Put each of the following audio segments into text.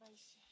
Vai ser.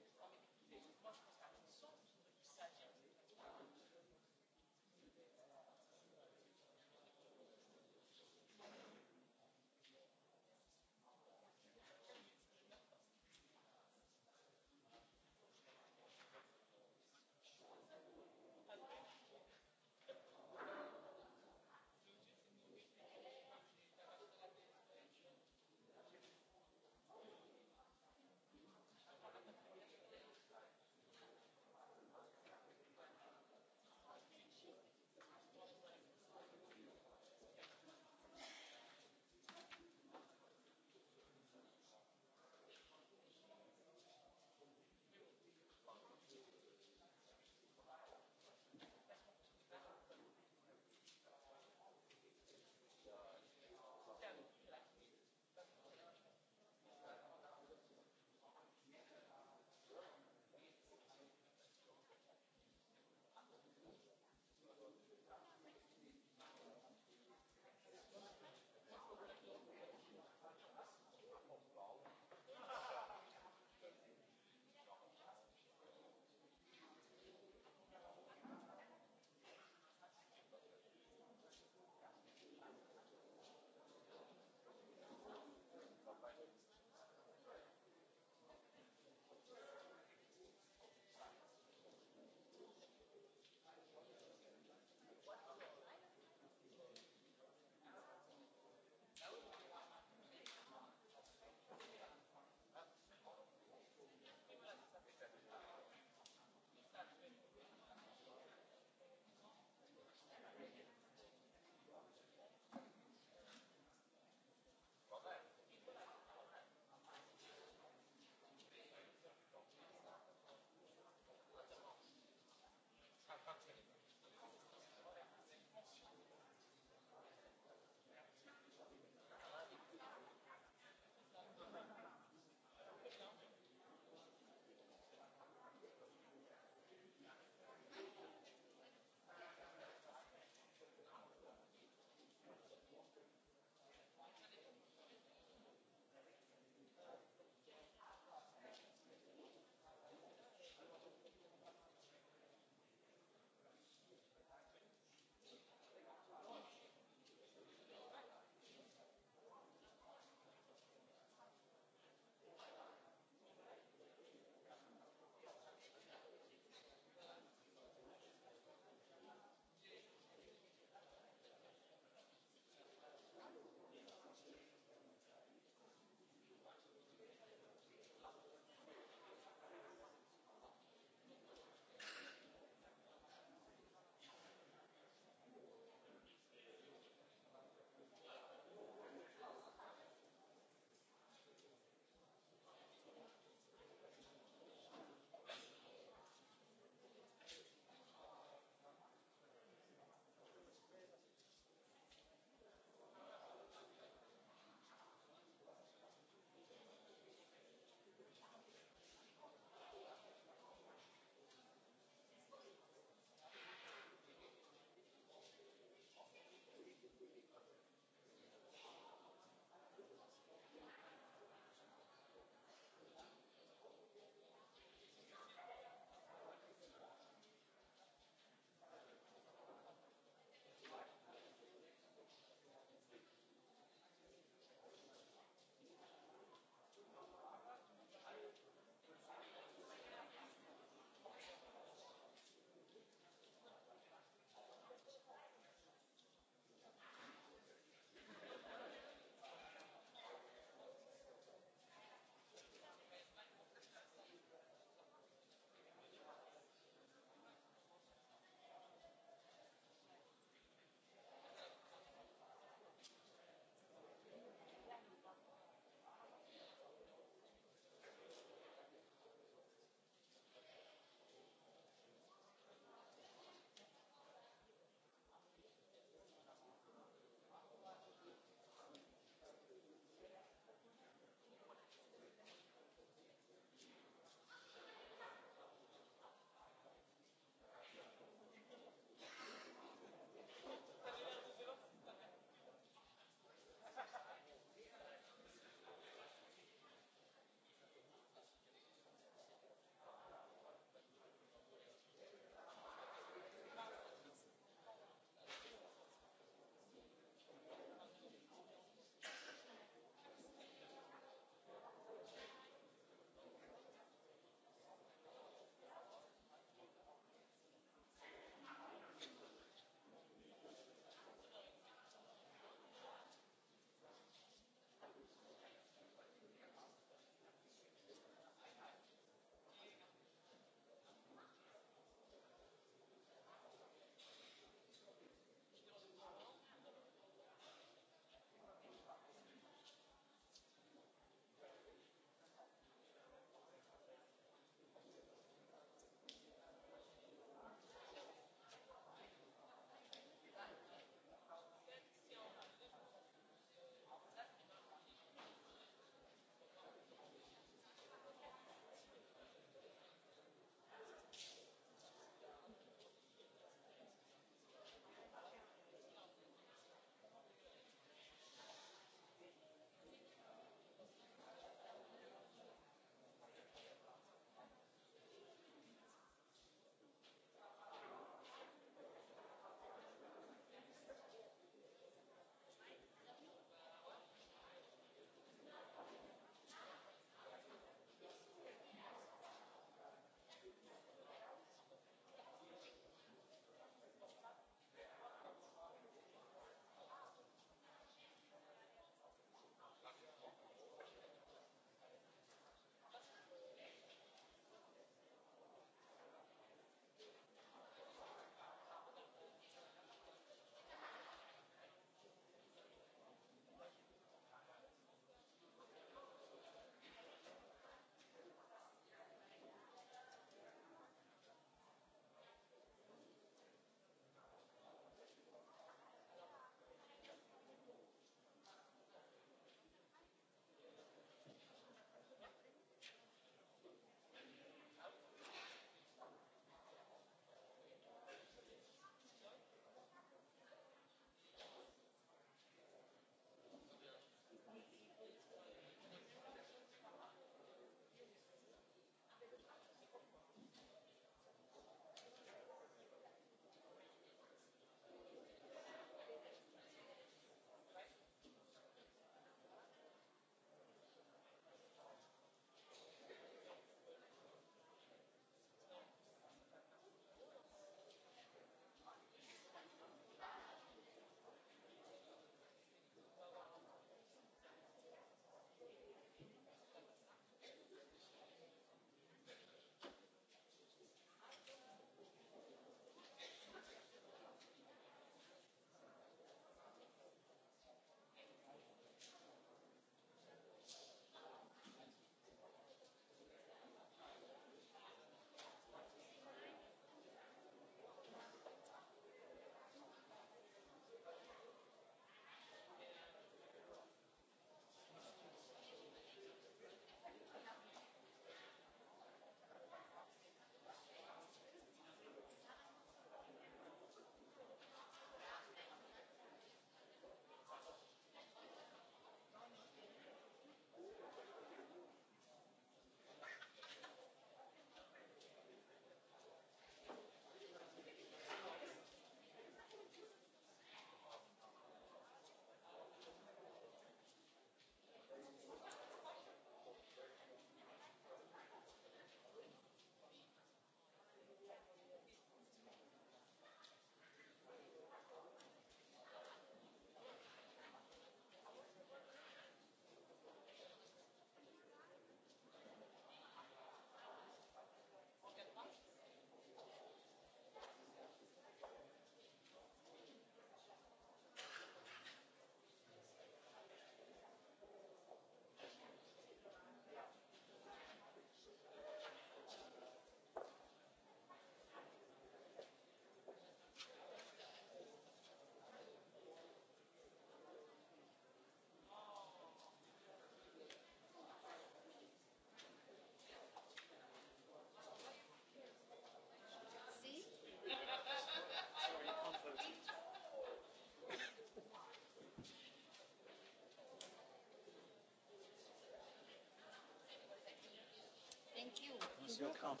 That's your comp.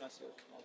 That's your comp.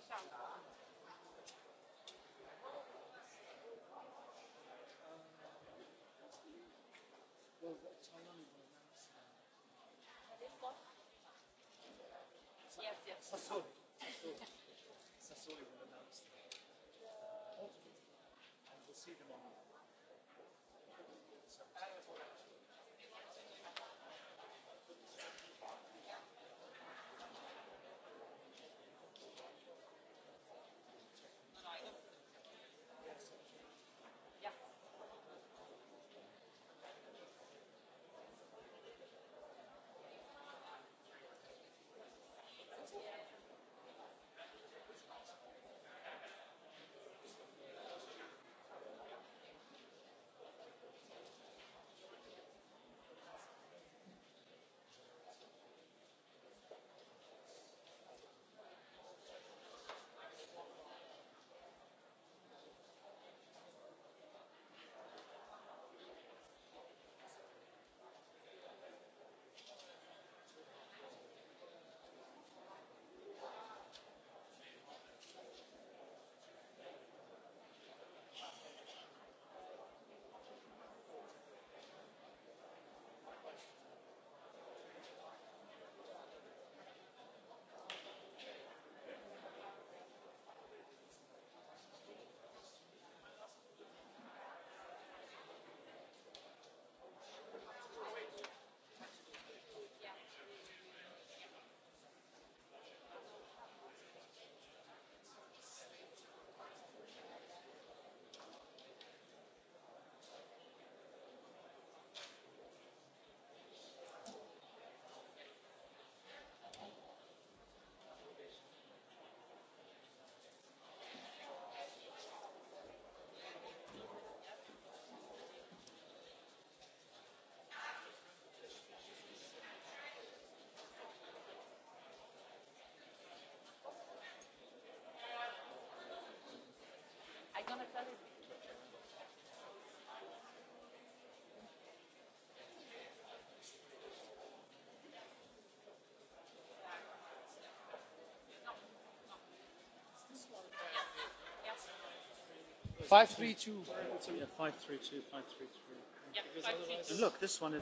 five three two. Yeah, five three two, five three three. Yeah, five, three, two. Look, this one. Is...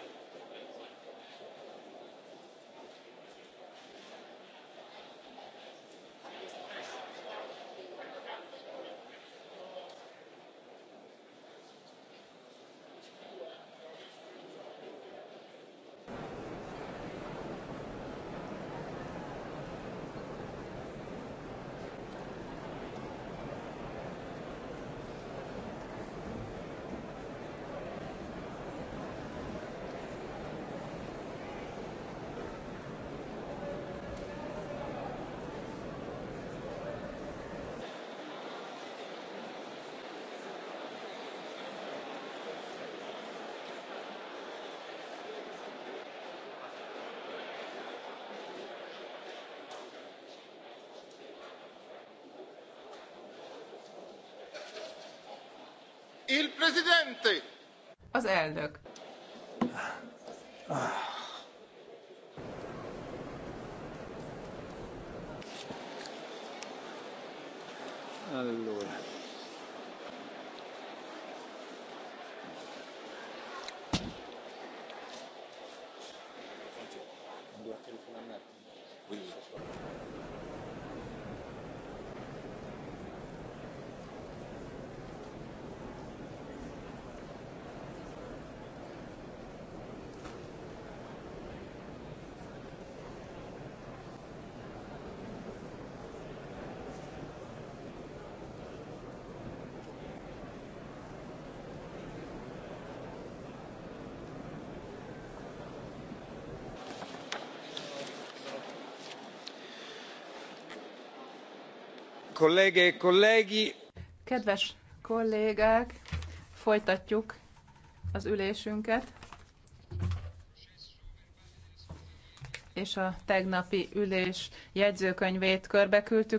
Il presidente! Az elnök. Ah. Kedves kollégák, folytatjuk az ülésünket. És a tegnapi ülés jegyzőkönyvét körbeküldtük.